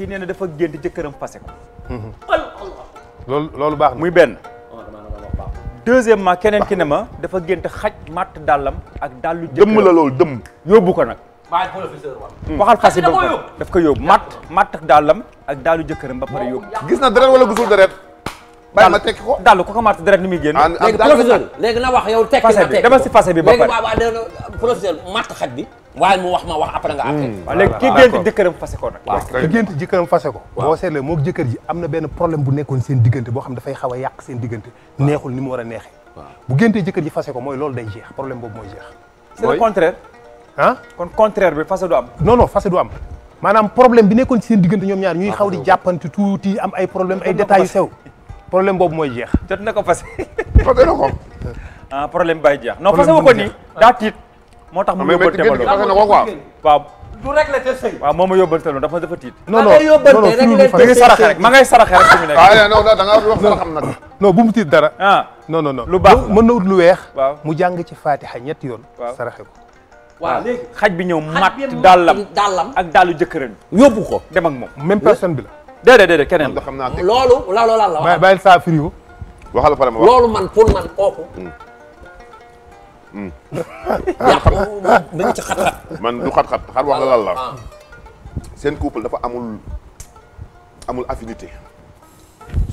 kii nee dafa gént jëkkëram passé ko. Mhm. loolu loolu baax na muy benn. Oh, deuxièmement keneen ki ne ma dafa gént xaj matt dàllam ak dàllu. jëkkëram dëmm la loolu dëmm. yóbbu ko nag. Mm. waxal xasi ba daf ko yóbbu matt dàllam ak dàllu jëkkëram ba pare yóbbu. gis na deret wala gisul deret. bàyyi ma tekki ko dàll ku ko màtt deret ni muy génn. léegi professeur léegi na wax yow tekki na tekki dama si fase bi ba pare léegi waaw waaw professeur màtt xaj bi waaye mu wax ma wax après nga après waaw hmm. léegi ki gént jëkkëram fase ko nag waaw ki gént jëkkëram fase ko boo seetlee moo jëkkër ji am na benn problème bu nekkoon seen diggante boo xam dafay xaw a yàq seen diggante neexul ni mu war a neexee bu géntee jëkkër ji fase ko mooy loolu day jeex problème boobu mooy jeex c'est le contraire ah kon contraire bi fase du am non non fase du am maanaam problème bi nekkoon ci seen diggante ñoom ñaar ñuy ah, xaw di jàppante tuuti am ay problème ay détails yu sew problème boobu mooy jeex. jot na ko fas. fase na ko. ah problème bay jeex. non fase wu ko nii daa tiit. moo tax mu ah, yóbbal na ko quoi. waaw du réglé te sëy. waaw a yóbbal tebaloo dafa dafa tiit. non non ah, non non fi mu saraxe ma ngay saraxe rek fi mu nekk. ah eh, non da nga bu mu tiit dara. ah non lu baax mën na ut lu weex. waaw mu jàng ci Fatiha ñetti yoon. waaw saraxe ko. waaw léegi xaj bi ñëw mat dàllam ak dàllu jëkkëram yóbbu ko dem ak moom même personne bi déedéet déedéet keneen xam naa loolu loolu lan la. bàyyi saa firiwu. waxal pare ma wax loolu man pour man kooku. Mm. Mm. yaa ngi ci xat-xat. man du xat-xat xar wax la lan la. Ah. seen couple dafa amul amul affinité.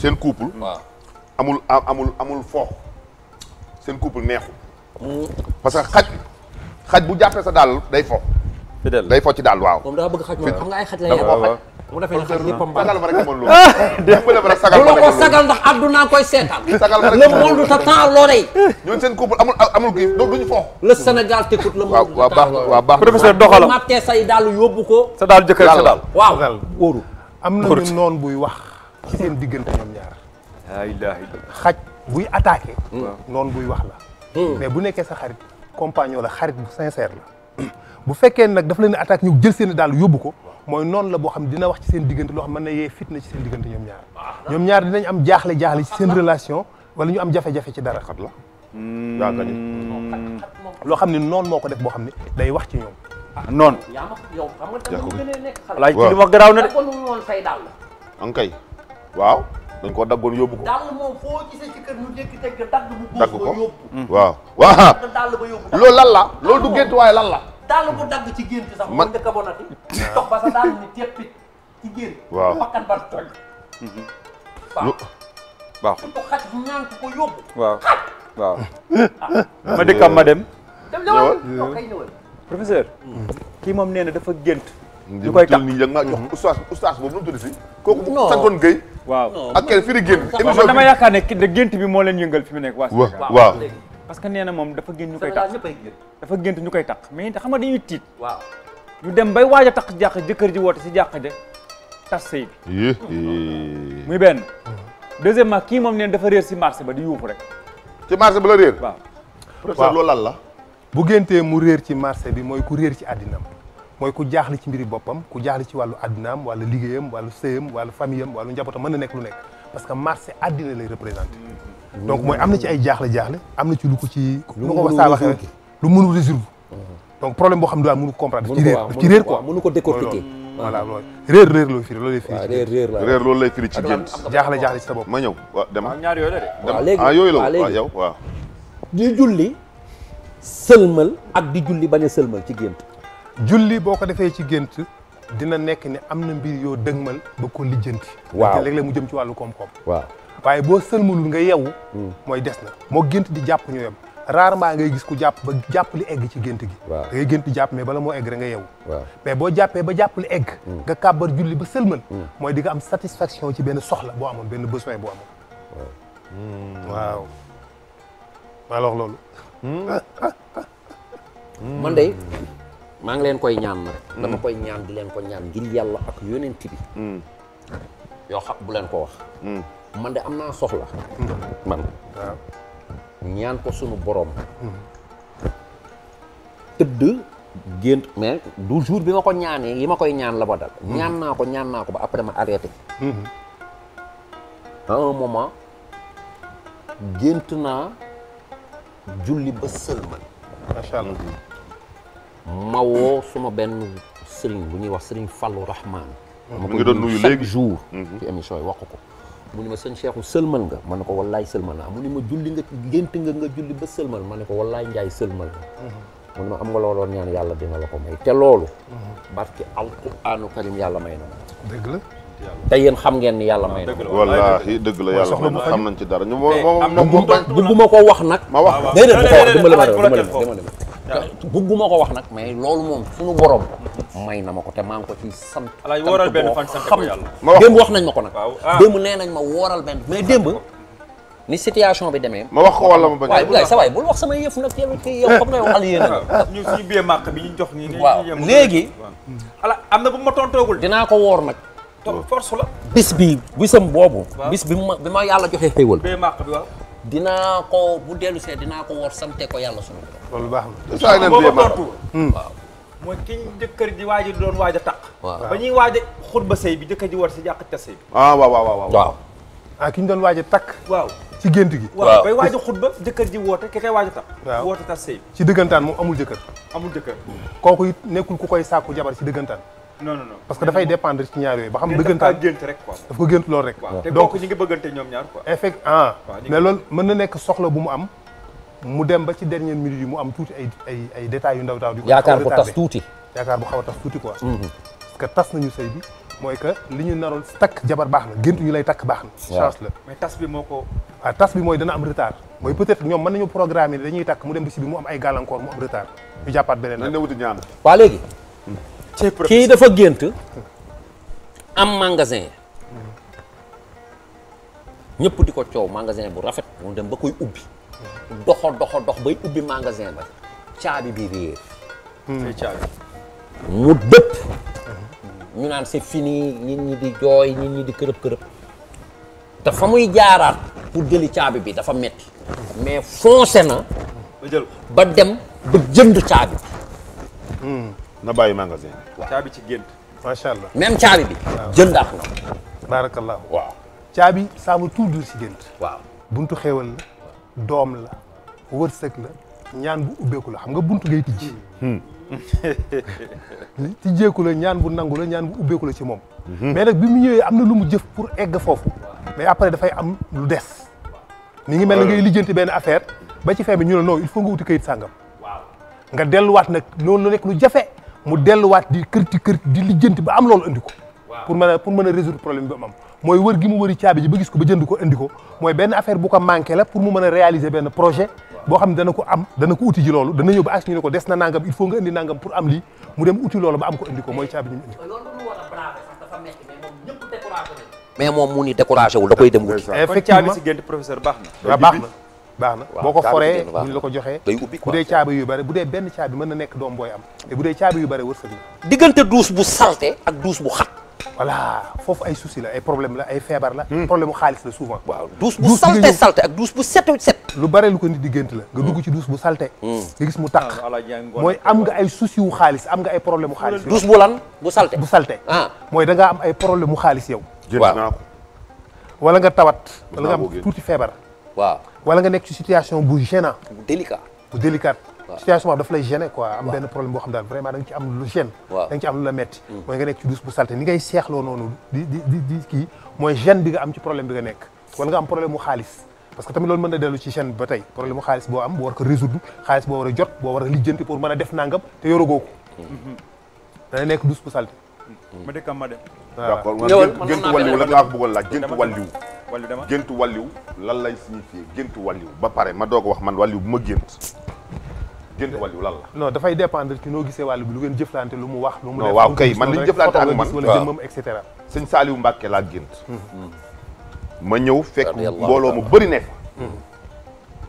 seen couple. amul amul foo foox. seen couple neexul. Mm. parce que xaj xaj bu jàppee sa daal day fo. day fo ci daal waaw. moom daa bëgg xaj moom xam nga ay xaj la yàlla xaj. mu defee ñu xam ñëpp a mbaal sagal ma rek amoon loolu. Ah, sagal ma ko sagal ndax àdduna koy seetaan. sagal ma rek le monde t'attend l'oreille. ñun baax waaw baax professeur doxalam mattee say daal yóbbu ko. sa daal jëkkër sa daal waaw wóoru am na ñu noon wax diggante ñoom ñaar. ilaahi xaj buy hmm. noon buy wax la. Hmm. mais bu nekkee sa xarit compagnon la xarit bu sincère la bu fekkee nag daf leen attaque ñu jël seen i daal yóbbu ko mooy noonu la boo xam dina wax ci seen diggante loo na yee fitna ci seen diggante ñoom ñaar ah. ñoom ñaar dinañ am jaaxle jaaxle ci seen relation wala ñu am jafe-jafe ci dara xat la hmm. yaa hmm. loo xam ne noonu moo ko def boo xam ne day wax ci ñoom ah, noonu yow xam nga dafa gën a nekk xalaat garaaw na de woon say dàll an kay koo daggoon yóbbu ko dàll moom foo dagg ko yóbbu waaw loolu lan la loolu du gént waaye lal la dàll bu dagg ci gént sax. man nga bonati. toog ba sa dàll ni teppit ci gént. waaw ah. ma dëkkam ma dem. dem ñëwal professeur. kii moom nee na dafa gént. ñu koy tax nii maa jox mhm. oustaz oustaz boobu nu si. kooku santoon Guèye. waaw ak kenn fii di gént. émission bi dama yaakaar ne gént bi moo leen yëngal fi mu nekk. waaw waaw parce que nee na moom dafa gént ñu koy tax dafa gént ñu koy tax mais xam nga dañuy tiit waaw ñu dem bay waaj a tax jàq jëkkër ji woote si jàq ja tas sëy bi muy benn deuxièmement kii moom neen dafa réer si marché ba di yuuxu rek ci marché ba la réer waaw lan la bu géntee mu réer ci marché bi mooy ku réer ci àddinam mooy ku jaaxle ci mbiri boppam ku jaaxle ci wàllu àddinaam wàllu liggéeyam wàllu sëyam wàllu famille am wàllu njabootam mën na nekk lu nekk parce que marché àddina lay représenté donc mooy am na ci ay jaaxle jaaxle am na ci lu ko ci lu ko saa waxee lu mënul résoudre mmh. donc problème boo xam ne daal mënu comprendre daf daf ci réer ko décortiquer mmh. voilà loolu réer réer loolu firi loolu lay firi ci gént jaaxle jaaxle ci sa ma ñëw waaw dem ah, ñaar yooyu la de ah, ah yooyu ah, julli sëlmal ak di julli bañ a sëlmal ci gént julli boo ko defee ci gént dina nekk ni am na mbir yoo dëgmal ba ko lijjanti waaw léeg-léeg mu jëm ci wàllu koom-koom waaw waaye boo sëlmalul nga yeewu hmm. mooy des na moo gént di jàpp ñu yem rarement ngay gis ku jàpp ba jàpp egg ci gént gi da ngay gént di jàpp mais bala moo egg rek nga yeewu mais boo jàppee ba jàpp egg hmm. nga kàbbar julli ba sëlmal hmm. mooy di nga am satisfaction ci benn soxla boo amoon benn besoin boo amoon waaw alors loolu man day maa ngi leen koy ñaan na rek koy ñaan di leen ko ñaan ngir yàlla ak yonent bi yoo xam bu leen ko wax man de am naa soxla man ñaan ko suñu borom mm-hmm. tëdd gént mais du jour bi ma ko ñaanee yi ma koy ñaan la ma dal mm-hmm. ñaan naa ko ñaan naa ko ba après ma arrêté mm-hmm. à gént naa julli ba sëlman macha allah suma benn sëriñ bu ñuy wax sëriñ Fallou Rahman ma ko nuyu chaque jour ci émission yi wax ko mu ni ma sëñ Cheikhu sëlmal nga man ne ko wallaay sëlmal naa mu ni ma julli nga gént nga nga julli ba sëlmal ma ne ko wallaay njaay sëlmal nga mu ni ma am nga looloon ñaan yàlla dina la ko may te loolu barke alquraanu karim yàlla may na dëgg la te yéen xam ngeen ni yàlla may na wallaahi dëgg la yàlla may na xam nañ ci dara ñu eh, bugguma ko wax nag ma bu ko wax dama la ma dama la ma bëgguma ko wax nag mais loolu moom suñu borom may na ma ko te maa ngi ko ci sant alaay wooral benn fan sant ko yàlla démb wax nañ ma ko nag ah. démb nee nañ ma wooral benn mais démb ni situation bi demee ma wax ko wala ma ba waaye bilaay sa waay bul wax sama yëf nag nga yow ah, ah, màq bi ñu jox ñi waaw léegi ala am na bu ma dinaa ko woor nag force la bis bi bisam boobu bis bi ma bi ma yàlla joxee xéewal biyee màq dinaa ko bu dellu see dinaa ko war sante ko yàlla sunu borom. loolu baax na saa ngeen bee ma hmm. waaw. mooy ki jëkkër ji waaj doon waaj a taq. waaw ba ñuy waaj a xutba say bi jëkkër ji war si yàq ca sëy bi. Ah, waaw waaw ah, ki ñu doon waaj takk. waaw ci gént gi. waaw bay waaj a xutba jëkkër ji woote ki a takk. waaw woote tas sëy bi. ci dëggantaan moom amul jëkkër. amul jëkkër. kooku it nekkul ku koy sàkku jabar ci dëggantaan. non non non parce que dafay dépendre ci ñaar yooyu ba xam dëggantaan gént rek quoi daf ko gént loolu rek donc effect ah mais loolu mën na nekk soxla bu mu am mu dem ba ci dernière minute yi mu am tuuti ay ay ay détails yu ndaw daaw di yaakaar bu tas tuuti yaakaar bu xaw a tas tuuti quoi mhm. parce que tas nañu sëy bi mooy que na gént ñu lay takk baax na chance mais tas bi ah, tas bi mooy dana am retard mooy peut-être ñoom mën nañu programmer dañuy takk mu dem ba si bi mu am ay gàllankoor mu am retard ñu jàppaat beneen la waa léegi hmm. kii dafa gént am magasin ñëpp di ko coow magasin bu rafet mu dem ba koy ubbi doxo doxo dox bay ubbi magasin ba caabi bi réer hmm. mu dëpp ñu naan c'est fini nit ñi di jooy nit ñi di kërëb kërëb dafa muy jaaraat pour jëli caabi bi dafa metti mais foncé na ba dem ba jënd caabi bi hmm. na bàyyi magasin bi. waaw caabi ci gént. macha allah même caabi bi. waaw jëndaat na ko. caabi ça veut tout dire gént. waaw buntu xéewal la. doom la wërsëg la. ñaan bu ubbeeku la xam nga buntu ngay tijji. Hmm. tijjeeku la ñaan bu nangu la ñaan bu ubbeeku la ci moom. Hmm. mais nag bi mu ñëwee am na lu mu jëf pour egg foofu. mais après dafay am lu des. mi ngi mel ne ngay lijjanti benn affaire ba ci fin ñu ne non il faut nga wuti kayit sàngam. waaw nga delluwaat nag loolu nekk lu jafe. mu delluwaat di kërti kërti di lijjanti ba am loolu indi ko pour mën a pour mën problème bi am mooy wër gi mu wëri caabi ji ba gis ko ba jënd ko indi mooy benn affaire bu ko manqué pour mu mën a réaliser benn projet boo xam ne dana ko am dana ko uti ji loolu dana ñëw ba as ñu ko des na nangam il faut nga indi nangam pour am lii mu dem uti loolu ba am ko indi mooy caabi ji mu indi ko mais moom mu ni découragé wul da koy dem wuti effectivement caabi si baax na baax na boo ko foree buñ la ko joxee bu dee caabi yu bëri bu dee benn caabi mën na nekk doom booy am te bu dee caabi yu bëri wërsëg la diggante duus bu salte ak duus bu xat foofu ay souci la ay problème la ay feebar la hmm. problème bu xaalis la souvent waaw duus bu salte salte ak duus bu set set lu bare lu ko nit di la nga hmm. dugg ci duus bu salte hmm. nga gis mu taq ah, mooy am nga ay souci wu xaalis am nga ay problème wu xaalis duus bu lan bu salte bu salte ah. mooy da ngaa am ay problème wu xaalis yow jënd wala nga tawat wala nga am tuuti feebar waaw wala nga nekk ci situation bu gênant bu délicat bu délicate situation boobu daf lay gêner quoi am benn problème boo xam daal vraiment nga ci am lu gêne da ci mm. kii mooy gêne bi nga am ci problème bi nga nekk wala nga am problème mu xaalis parce que tamit loolu mën na dellu ci chaîne ba tey problème mu xaalis boo am boo war ko résoudre xaalis boo a a lijjanti a def nangam la nga wax bëggoon wàllu dama géntu wàlliw lan lay signifier géntu wàlliw ba pare ma doog wax man wàlliw bu ma gént géntu wàlliw lan la non dafay dépendre ci noo gisee wàllu bi lu ngeen jëflante lu mu wax lu mu def waaw kay man li ñu jëflante ak man wala jëmmam et cetera sëñ Saaliw Mbàkke laa gént hmm. ma ñëw fekk mbooloo mu bëri nekk hmm.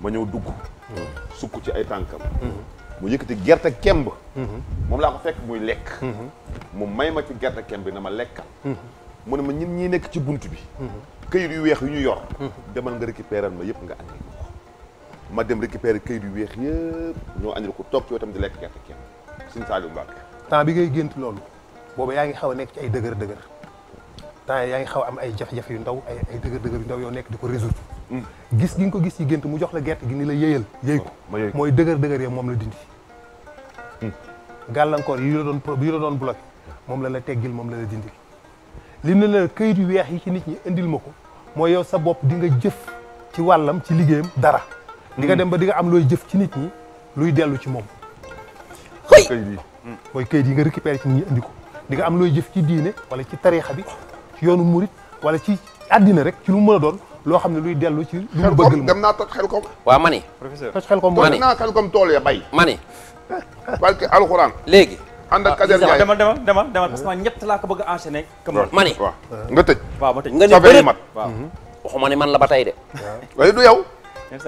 ma ñëw dugg hmm. sukk ci ay tànkam mu yëkkati gerte kemb moom laa ko fekk muy lekk mu may ma ci gerte kemb bi na ma lekkal mu ne ma ñun ñi nekk ci bunt bi këyit yu weex yu ñu yor demal nga récupérer ma yëpp nga andil ma ko ma yu weex ñoo andil ko toog ci wetam di lekk gerte kenn suñu Saliou Mbacke temps bi ngay gént loolu boobu yaa ngi xaw a nekk ci ay dëgër dëgër temps yaa ngi xaw a am ay jafe-jafe yu ndaw ay dëgër dëgër yu ndaw yoo nekk di ko résoudre hmm. gis gi nga ko gis ci gént mu jox la gerte gi ni la yéyal yéy oh, ko mooy dëgër dëgër ya moom la dindi hmm. gàllankoor yi la doon yi doon bloqué moom la la teggil moom la la dindil li ne la këyit yu weex yi ci nit ñi indil ma ko mooy yow sa bopp di nga jëf ci wàllam ci liggéeyam dara. di nga dem ba di nga am looy jëf ci nit ñi luy dellu ci moom. xëy këyit yi. mooy këyit yi nga récupéré ci nit ñi indi ko di am looy jëf ci diine wala ci tariixa bi ci yoonu murit wala ci àddina rek ci lu mu mën a doon loo xam ne luy dellu ci. lu mu bëgg dem naa toj xel kom. waaw ma ni. professeur toj xel kom ma ni toj naa xel kom tool ya bay. ma ni. parce que alxuraan léegi. ànd ak ah, Kader demal demal demal demal parce ñett laa ko bëgg a enchaîner. ma ne nga tëj. waaw ma tëj nga ne bëri mhm. waxuma ne man la ba tey de. waaye du yow. ñeent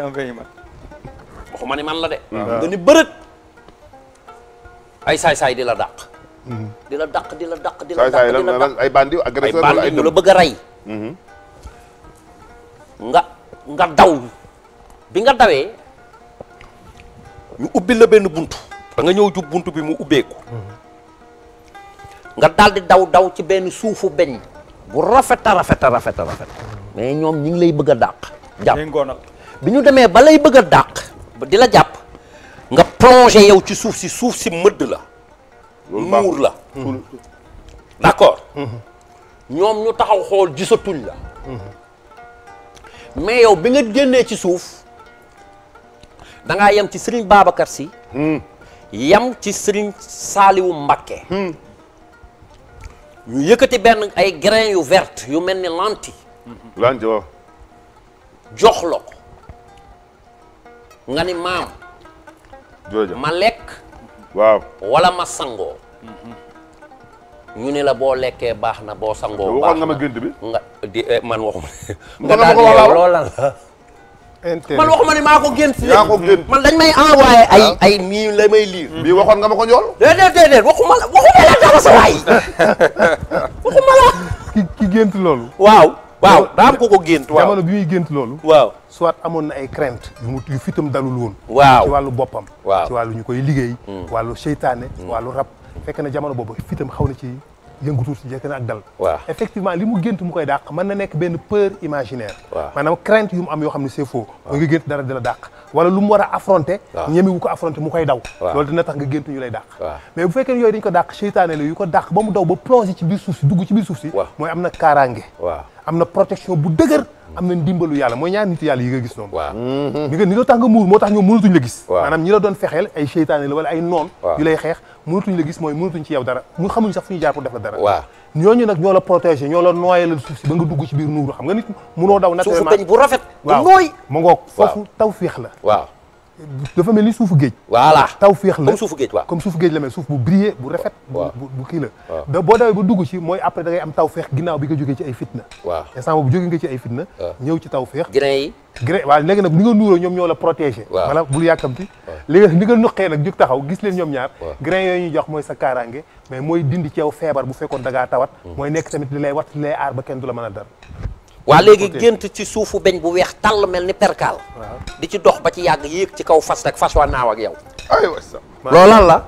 ne man la de. nga ni bërët. ay saay-saay mhm. di la dàq. di la dàq di la dàq di la dàq la ay bandi agresseur ay bandi yu la bëgg a rey. Mhm. nga nga daw bi nga dawee ñu ubbi la benn bunt da nga ñëw jub bunt bi mu ubbeeku nga daal daw daw ci benn suufu beñ bu rafet rafeta rafet rafet mais ñoom ñu ngi lay bëgg a dàq jàpp bi ñu demee ba lay bëgg a dàq di la jàpp nga plongé yow ci suuf si suuf si mëdd la muur la d'accord mhm. ñoom ñu taxaw xool gisatuñ la mais yow bi nga génnee ci suuf da yam ci Serigne baabakar si yam ci sëriñ saaliwu Mbakke. Hmm. ñu yëkkati benn ay grain yu vert yu mel ni lentille. lentille jox la ko nga ni maam. ma lekk. waaw wala ma sangoo. ñu ne la boo lekkee baax na boo sangoo. baax nga ma gént bi. nga di eh, man waxuma. nga daal di yow loola man waxuma ne maa ko gént si gént man dañ may envoyé ay ah. ay nii may liir bii waxoon nga ma ko ñool déedéet déedéet waxuma la waxuma la dara sa waay waxuma la ki gént loolu waaw waaw daa ko gént waaw jamono bi muy gént loolu waaw soit amoon na ay crainte yu mu yu fitam dalul woon waaw ci wàllu boppam waaw ci wàllu ñu koy liggéey mm. wàllu seytaane mm. wàllu rab fekk na jamono boobu fitam xaw na ci yëngu tuuti njëkk na ak dal. effectivement li mu gént mu koy dàq mën na nekk benn peur imaginaire. waaw maanaam crainte yu mu am yoo xam ne c'est faux. mooy nga gént dara dina dàq. wala lu mu war a affronter. waaw ñemewu ko mu koy daw. loolu dina tax nga gént ñu lay dàq. mais bu fekkee yooyu dañ ko dàq seytaane la yu ko dàq ba mu daw ba plongé ci biir suuf si dugg ci suuf si. mooy am na kaaraange. waaw am na protection bu dëgër. am na ndimbalu yàlla mooy ñaari nit yàlla yi nga gis noonu waaw a nga ni nga tax nga muur moo tax ñoom mënatuñ la gis maanaam ñi doon fexeel ay seytaane la wala ay noon yu lay xeex mënatuñ la gis mooy mënatuñ ci yow dara mu xamuñ sax fu ñu jaar pour def la dara waaw ñooñu nag ñoo la protégé ñoo la nooyalal suuf si ba nga dugg ci biir nuuru xam nga nit munoo daw naturellement suufu bu rafet waaw nooy mu ngoog foofu taw féex la waaw dafa mel ni suufu géej. voilà taw féex la comme suufu géej waaw. comme suufu géej la mel suuf bu brillé bu rafet. bu bu kii la. boo dawee ba dugg ci mooy après da ngay am taw féex ginnaaw bi nga jógee ci ay fitna. waaw instant boobu jóge nga ci ay fitna. ñëw ci taw féex. grain yi. waa waaw léegi nag ni nga nuuroo ñoom ñoo la protégé. waaw maanaam bul yàkkamti. léegi ni nga nuqee nag jóg taxaw gis leen ñoom ñaar. grain yooyu ñuy jox mooy sa kaaraange mais mooy dindi ci yow feebar bu fekkoon da ngaa tawat. Hmm. mooy nekk tamit li wat li lay aar ba kenn du la mën a waa léegi gént ci suufu beñ bu weex tàll mel ni perkaal di ci dox ba ci yàgg yéeg ci kaw fas rek fas wa naaw ak yow loolu lan la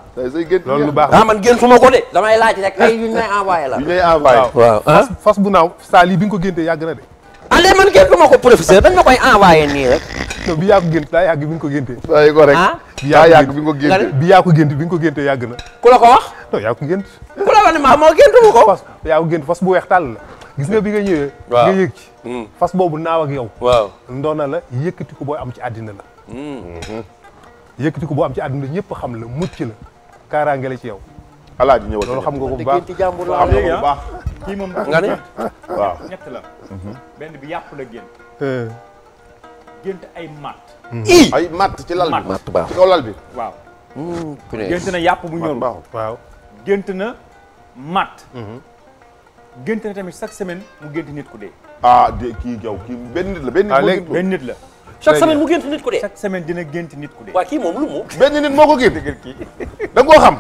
loolu lu baax ah man géntuma ko damay laaj rek ay la yu ñuy envoyé waaw ah? fas bu naaw saali bi ko génte yàgg na de ah, ko professeur dañ ma koy envoyé nii rek non bi yaa ko gént daa ko géntee bàyyi ko rek ah? bi yaa ko génte bi yaa ko gént yàgg na ku la ko wax non yaa ko gént ku la wax moo ko yaa ko gént fas bu weex tàll la gis nga bi nga ñëwee. waaw nga yëg ci. Hmm. fas boobu naaw ak yow. waaw ndoona la yëkkati ko boo am ci àddina la. Hmm. Mhm. yëkkati ko boo am ci àddina ñëpp xam la ci la kaaraa la ci yow. alaaji ñëwal loolu xam nga ko bu baax xam nga ko bu baax. kii moom nga ne waaw ñett la. Mhm. bi yàpp la génn. gént mhm. ci lal bi matt baax bi waaw. Hmm, na yàpp bu ñorul waaw. gént na matt. gént na tamit chaque semaine mu gént nit ku dee. ah de kii jaw la benn nit. ah la. chaque semaine mu gént nit ku dee. chaque dina gént nit ku dee. waa kii moom lu mu. benn nit moo ko gént. kii da nga koo xam.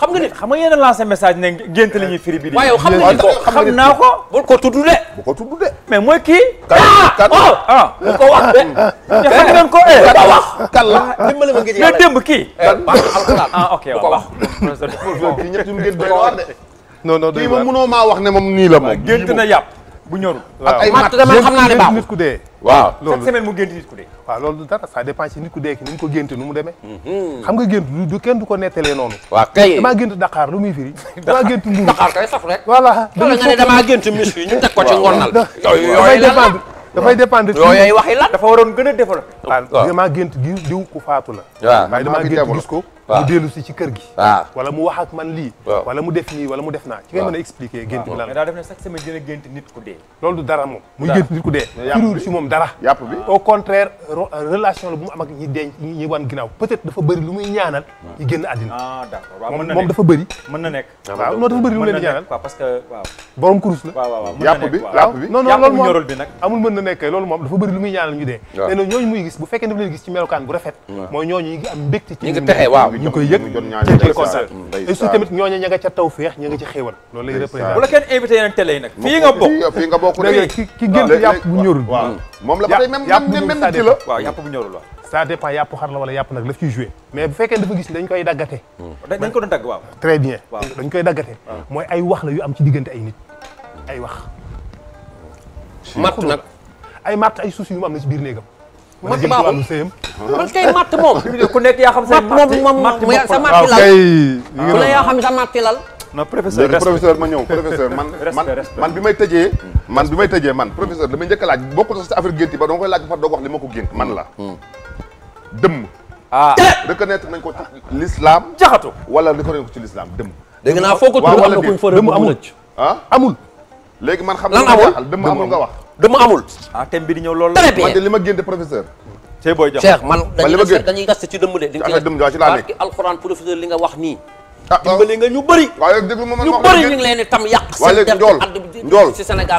xam nga nit xam nga yéen a lancé message ne gént la ñuy firi bi. waaw yow xam nga nit ko xam naa bu ko tudd mais mooy kii. kan ah! kan oh! ah bu ko wax de. te xam la eh, eh. wax kan la ah, dimbali ma nga ji yàlla mais démb kii. Eh, ah ok waaw bu ko wax. ñett yu mu gént doy non non kii moom mënoo maa wax ne moom nii la moom. gént na yàpp bu ñorul. ak ay matt man xam dee. waaw loolu chaque semaine mu gént nit ku dee. waaw loolu du dara ça dépend ci nit ku dee nu mu demee. Mhm. xam nga gént du kenn du ko nettalee noonu. waaw kay damaa gént Dakar lu muy firi. damaa gént Mbuur Dakar kay sax rek. voilà loolu nga ne damaa gént mis yi ñu teg ko ci ngonnal. yooyu dépendre dafay dépendre. yooyu waxi lan dafa waroon gën a développé. Ah, waaw damaa diw diw ku faatu la. waaw damaa ko mu dellu si ci kër gi waaw wala mu wax ak man lii wala mu def nii wala mu def naa ci ngay mën a expliquer gént bi lan la daa def ne chaque semaine dina gént nit ku dee loolu du dara moom muy gént nit ku dee firiwul si moom dara yàpp bi au contraire euh, relation la bu mu am ak ñi denc ñi wan ginnaaw peut-être dafa bëri lu muy ñaanal ñu génn àddina ah d'accord moom dafa bëri mën na nekk ah, waaw non dafa bëri lu mu leen ñaanal parce que waaw borom kurus la waaw yàpp bi yàpp bi non non loolu moom bi nag amul mën na nekk loolu moom dafa bëri lu muy ñaanal ñu dee nee na ñooñu muy gis bu fekkee daf leen gis ci melokaan bu rafet mooy ñooñu yi ngi am mbégte ci ñu ngi texe waaw ñu koy yëg ci concert et su tamit ñooñu ña nga ca taw feex ña nga ci xéewal loolu lay représenté bu la kenn invité yeneen télé yi nag fii nga bokk fii nga bokk léegi ki gën ci yàpp bu ñorul waaw moom la ba waaw yàpp bu nag la ciy joué mais fekkee dafa gis dañ koy daggate hmm. dañ dañ koy daggate mooy ay wax la yu am ci diggante ay nit ay wax matt nag ay matt ay soucis yu mu am na ci biir néegam mat baaxul man kay mat moom. ku nekk yaa xam sa mat moom sa matti lal ku ne yaa xam sa matti lal. non professeur ma ñëw man bi may tëjee. man bi may tëjee man professeur damay njëkk a laaj bokkul sax si affaire gént yi ba dama koy laaj ba far doog wax li ma ko gént man la. Hmm. dëmm. ah eh! reconnaître nañ ko ci l'islam. jaxatu wala reconnaître ko ci l'islam dëmm. dégg naa foo ko tudd am na kuñ fa dëmm amul ah amul. léegi man xam nga dëmm amul nga wax. dama amul. ah thème di ñëw loolu. très bien man de li ma gën de professeur. tey booy jox Cheikh man dañuy gas ci dëmb de. ci dëmb ci laa nekk barki professeur li nga wax nii. ah, ah. nga ñu bëri. ñu bëri ñu ngi leen tam yàq. waaye léegi njool